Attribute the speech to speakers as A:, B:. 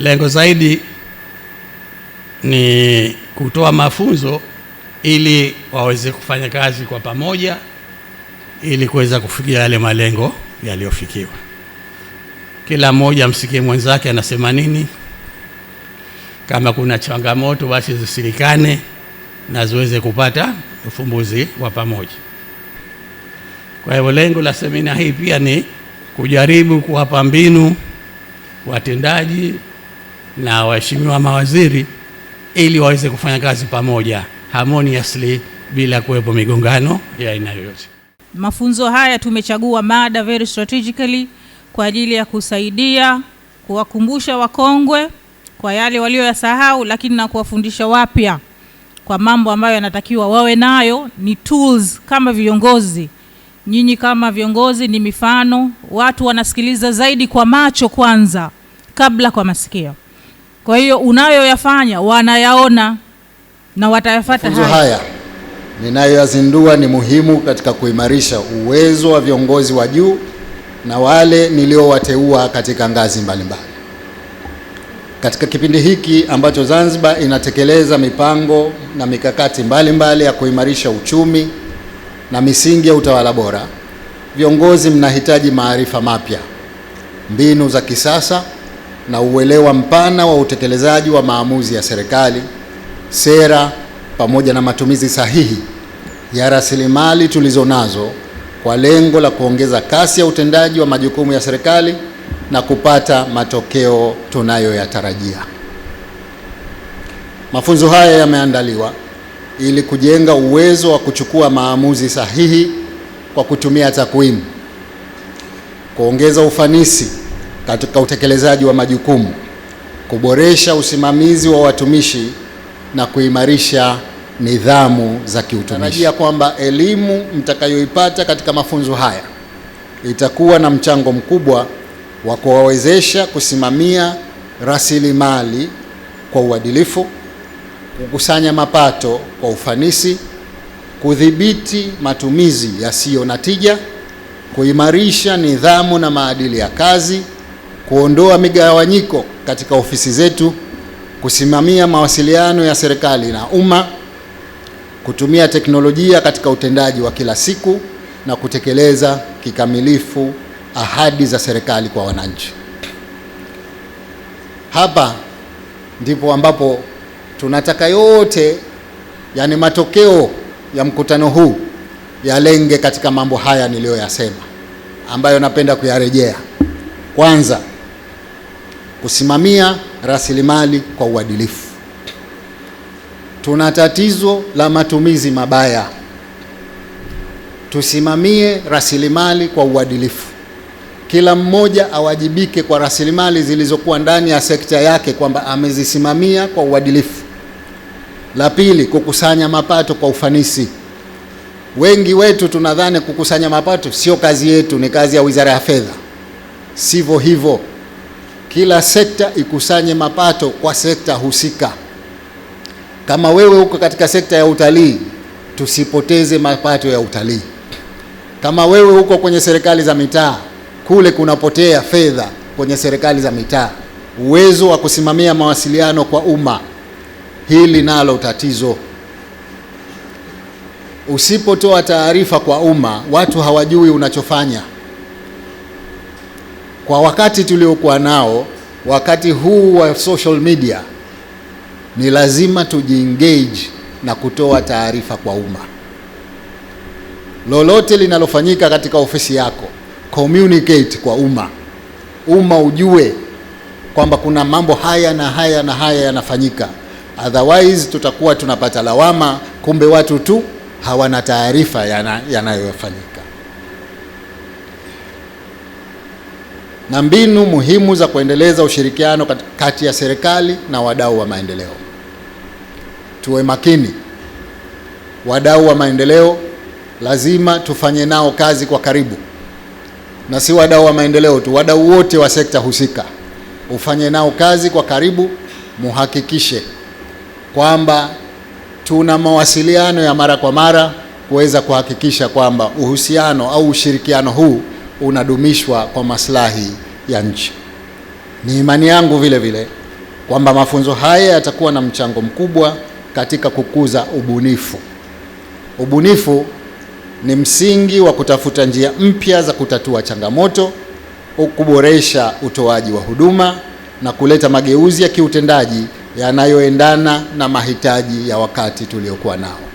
A: Lengo zaidi ni kutoa mafunzo ili waweze kufanya kazi kwa pamoja ili kuweza kufikia yale malengo yaliyofikiwa. Kila mmoja msikie mwenzake anasema nini. Kama kuna changamoto, basi zisirikane na ziweze kupata ufumbuzi wa pamoja. Kwa hivyo lengo la semina hii pia ni kujaribu kuwapa mbinu watendaji na waheshimiwa mawaziri ili waweze kufanya kazi pamoja harmoniously bila kuwepo migongano ya aina yoyote.
B: Mafunzo haya tumechagua mada very strategically kwa ajili ya kusaidia kuwakumbusha wakongwe kwa yale walioyasahau, lakini na kuwafundisha wapya kwa mambo ambayo yanatakiwa wawe nayo. Ni tools kama viongozi, nyinyi kama viongozi ni mifano. Watu wanasikiliza zaidi kwa macho kwanza kabla kwa masikio. Kwa hiyo unayoyafanya wanayaona na watayafuata. Haya,
C: haya ninayoyazindua ni muhimu katika kuimarisha uwezo wa viongozi wa juu na wale niliowateua katika ngazi mbalimbali mbali. Katika kipindi hiki ambacho Zanzibar inatekeleza mipango na mikakati mbalimbali mbali ya kuimarisha uchumi na misingi ya utawala bora, viongozi mnahitaji maarifa mapya, mbinu za kisasa na uelewa mpana wa utekelezaji wa maamuzi ya serikali, sera pamoja na matumizi sahihi ya rasilimali tulizonazo kwa lengo la kuongeza kasi ya utendaji wa majukumu ya serikali na kupata matokeo tunayoyatarajia. Mafunzo haya yameandaliwa ili kujenga uwezo wa kuchukua maamuzi sahihi kwa kutumia takwimu, kuongeza ufanisi katika utekelezaji wa majukumu, kuboresha usimamizi wa watumishi na kuimarisha nidhamu za kiutumishi. Natarajia kwamba elimu mtakayoipata katika mafunzo haya itakuwa na mchango mkubwa wa kuwawezesha kusimamia rasilimali kwa uadilifu, kukusanya mapato kwa ufanisi, kudhibiti matumizi yasiyo na tija, kuimarisha nidhamu na maadili ya kazi kuondoa migawanyiko katika ofisi zetu, kusimamia mawasiliano ya serikali na umma, kutumia teknolojia katika utendaji wa kila siku na kutekeleza kikamilifu ahadi za serikali kwa wananchi. Hapa ndipo ambapo tunataka yote, yani matokeo ya mkutano huu yalenge katika mambo haya niliyoyasema, ambayo napenda kuyarejea. Kwanza, kusimamia rasilimali kwa uadilifu. Tuna tatizo la matumizi mabaya, tusimamie rasilimali kwa uadilifu. Kila mmoja awajibike kwa rasilimali zilizokuwa ndani ya sekta yake kwamba amezisimamia kwa uadilifu. La pili, kukusanya mapato kwa ufanisi. Wengi wetu tunadhani kukusanya mapato sio kazi yetu, ni kazi ya Wizara ya Fedha. Sivyo hivyo kila sekta ikusanye mapato kwa sekta husika. Kama wewe uko katika sekta ya utalii, tusipoteze mapato ya utalii. Kama wewe uko kwenye serikali za mitaa, kule kunapotea fedha kwenye serikali za mitaa. Uwezo wa kusimamia mawasiliano kwa umma, hili nalo tatizo. Usipotoa taarifa kwa umma, watu hawajui unachofanya kwa wakati tuliokuwa nao, wakati huu wa social media, ni lazima tujiengage na kutoa taarifa kwa umma. Lolote linalofanyika katika ofisi yako, communicate kwa umma, umma ujue kwamba kuna mambo haya na haya na haya yanafanyika. Otherwise tutakuwa tunapata lawama, kumbe watu tu hawana taarifa yanayofanyika. na mbinu muhimu za kuendeleza ushirikiano kati ya serikali na wadau wa maendeleo. Tuwe makini, wadau wa maendeleo lazima tufanye nao kazi kwa karibu, na si wadau wa maendeleo tu, wadau wote wa sekta husika ufanye nao kazi kwa karibu, muhakikishe kwamba tuna mawasiliano ya mara kwa mara kuweza kuhakikisha kwamba uhusiano au ushirikiano huu unadumishwa kwa maslahi ya nchi. Ni imani yangu vile vile kwamba mafunzo haya yatakuwa na mchango mkubwa katika kukuza ubunifu. Ubunifu ni msingi wa kutafuta njia mpya za kutatua changamoto, kuboresha utoaji wa huduma na kuleta mageuzi ya kiutendaji yanayoendana na mahitaji ya wakati tuliokuwa nao.